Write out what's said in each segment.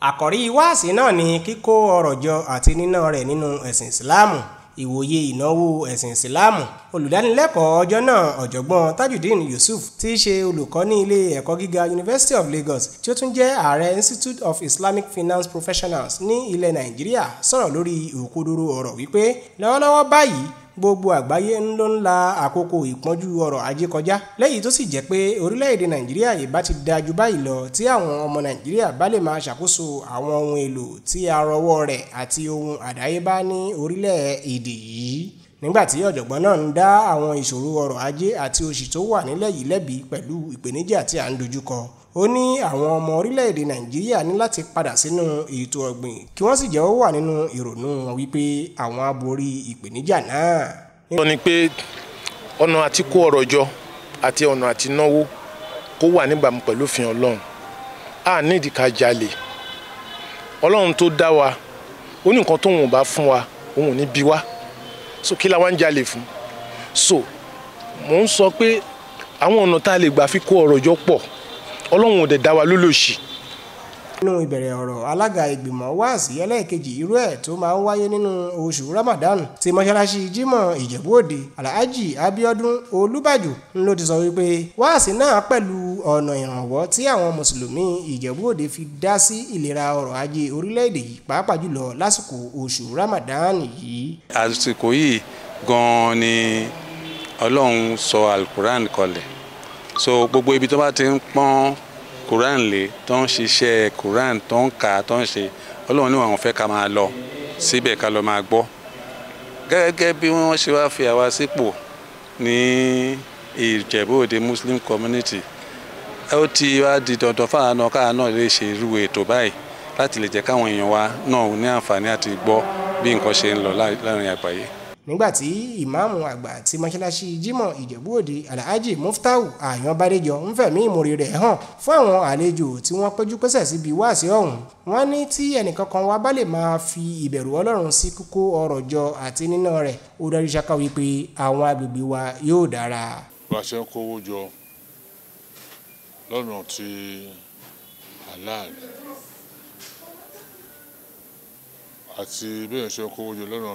àkọ́rí wáàsí náà ni kíkó ọrọ̀ jọ àti níná rẹ̀ nínú ẹ̀sìn ìsìláàmù ìwòye ìnáwó ẹ̀sìn ìsìláàmù olùdánilẹ́kọ̀ọ́ ọjọ́ náà ọ̀jọ̀gbọ́n tajudeen yusuf tí í ṣe olùkọ́ ní ilé ẹ̀kọ́ gíga university of lagos tí ó tún jẹ́ ààrẹ institute of islamic finance professionals ní ilẹ̀ nàìjíríà sọ̀rọ̀ lórí òkodoro ọ̀rọ̀ wípé lọ́wọ́lọ́wọ́ báyìí gbogbo àgbáyé ló ń la àkókò ìpọ́njú ọrọ̀ ajé kọjá lẹ́yìn tó sì jẹ́ pé orílẹ̀ nàìjíríà ìbá ti da jù báyìí lọ tí àwọn ọmọ nàìjíríà bá lè máa ṣàkóso àwọn ohun èlò tí arọwọ́ rẹ̀ àti ohun àdáyébá ní orílẹ̀-èdè yìí nígbàtí ọ̀jọ̀gbọ́n náà ń dá àwọn ìṣòro ọrọ̀ ajé àti òṣì tó wà nílẹ̀ yìí lẹ́bi pẹ̀lú ìpèníjà tí à ń dojúkọ ó ní àwọn ọmọ orílẹ̀-èdè nàìjíríà ní láti padà sínú ètò ọ̀gbìn kí wọ́n sì jẹ́ ó wà nínú ìrònú wọn wípé àwọn á borí ìpèníjà náà. sọ ni pé ọ̀nà àti kó ọ̀rọ̀ jọ àti ọ̀nà àti náwó kó wà níbàámu pẹ̀lú òfin ọlọ́run a nídìí ká jalè ọlọ́run tó dá wa ó ní nǹkan tóun ò bá fún wa òun ò ní bí wa so kí la wá ń jalè fún so mò ń sọ pé àwọn ọ̀nà tá a lè gbà fi kó ọ̀rọ̀ jọ pọ̀ ọlọ́run ò dẹ̀ dá wa lólòṣì. nínú ìbẹ̀rẹ̀ ọ̀rọ̀ alága ìgbìmọ̀ wáàsí ẹlẹ́ẹ̀kejì irú ẹ̀ tó máa ń wáyé nínú oṣù ramadan ti mọ́ṣáláṣí jímọ̀ ìjẹ̀bú-òde alhaji abiodun olúbàjò ló ti sọ wípé wáàsí náà pẹ̀lú ọ̀nà ìrànwọ́ tí àwọn mùsùlùmí ìjẹ̀bú-òde fi dá sí ìlera ọrọ̀ ajé orílẹ̀-èdè yìí pàápàá jùlọ lásìkò oṣù ramadan yìí. àsìkò yìí gan-an ni ọlọ́run sọ alukuran so gbogbo ibi tó bá ti ń pọ́n Quran lè tó ń ṣiṣẹ́ Quran tó ń kà tó ń ṣe ọlọ́run níwọ̀n àwọn fẹ́ ká máa lọ síbẹ̀ ká lọ máa gbọ́ gẹ́gẹ́ bí wọ́n ṣe wá fi àwa sípò ní Ìjẹ̀bú Òde Muslim Community ó ti wá di dandan fáwọn náà káwọn náà lè ṣe irú ètò báyìí láti lè jẹ́ káwọn èèyàn wa náà ní àǹfààní àti gbọ́ bí nǹkan ṣe ń lọ láàrin àgbáyé nígbàtí ìmáàmù àgbà ti mọ́ṣáláṣí Jímọ̀ Ìjẹ̀bú Òde Alhaji Muftau Àyàn Bádéjọ ń fẹ̀mí ìmoore rẹ̀ hàn fún àwọn àlejò tí wọ́n péjú pésẹ̀ síbi wáàsí ọ̀hún wọ́n ní tí ẹnìkankan wa bá lè máa fi ìbẹ̀rù Ọlọ́run sí kókó ọ̀rọ̀ jọ àti níná rẹ̀ ó dájú ṣáká wípé àwọn agbègbè wa yóò dára. bá a ṣe ń kówó jọ lọ́nà tí halal àti bí èèyàn ṣe ń kówó jọ lọ́nà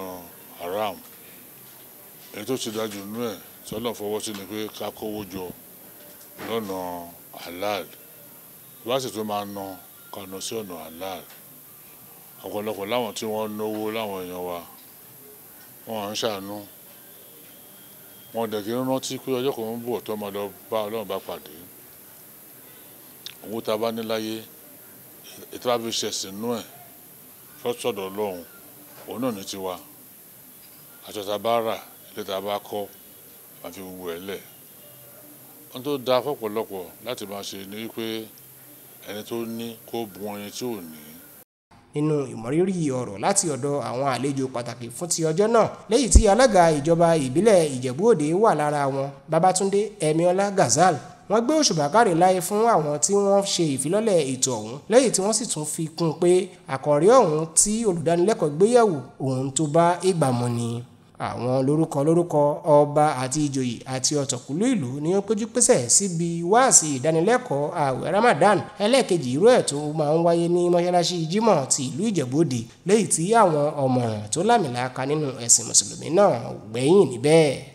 haram èyí tó ti dájú nínú ẹ̀ tí Ọlọ́run fọwọ́ sí ni pé ká kówó jọ lọ́nà halal bá sì tún máa ná ká sí ọ̀nà halal ọ̀pọ̀lọpọ̀ láwọn tí wọ́n náwó láwọn èèyàn wa wọ́n à ń ṣàánú wọ́n dẹ̀ kí ń rántí pé ọjọ́ kan ń bọ̀ tó máa lọ bá Ọlọ́run bá pàdé owó tá a bá ní láyé ètò àbí ṣẹ̀sìn nú ẹ̀ fọ́sọ̀dọ̀ Ọlọ́run òun náà ní tiwa àtọ̀tà bá rà létà bá kọ́ máa fi gbogbo ẹ̀ lẹ̀ ohun tó da fọ́pọ̀lọpọ̀ láti máa ṣe ni wípé ẹni tó ní kó bùn ẹni tí ò ní. nínú ìmọrírì ọ̀rọ̀ láti ọ̀dọ̀ àwọn àlejò pàtàkì fún ti ọjọ́ náà lẹ́yìn tí alága ìjọba ìbílẹ̀ ìjẹ̀bú wà lára wọn babatunde emiola gazal wọ́n gbé òṣùbà káre láyé fún àwọn tí wọ́n ṣe ìfilọ́lẹ̀ ètò ọ̀hún lẹ́yìn tí wọ́n sì tún fi kún un pé àkọ́rí ọ̀hún tí olùdánilẹ́kọ̀ọ́ gbéyẹ̀wò ohun tó bá ìgbà mu ni àwọn lórúkọ lórúkọ ọba àti ìjòyè àti ọ̀tọ̀kùlú ìlú ni ó péjú pésẹ̀ síbi wáàsí ìdánilẹ́kọ̀ọ́ ààwẹ̀ Ramadan ẹlẹ́ẹ̀kejì irú ẹ̀ tó máa ń wáyé ní mọ́ṣáláṣí Jímọ̀ ti ìlú Ìjẹ̀bú-Òde léyìí tí àwọn ọ̀mọ̀ràn tó lámìlaka nínú ẹ̀sìn mùsùlùmí náà gbẹ̀yìn níbẹ̀.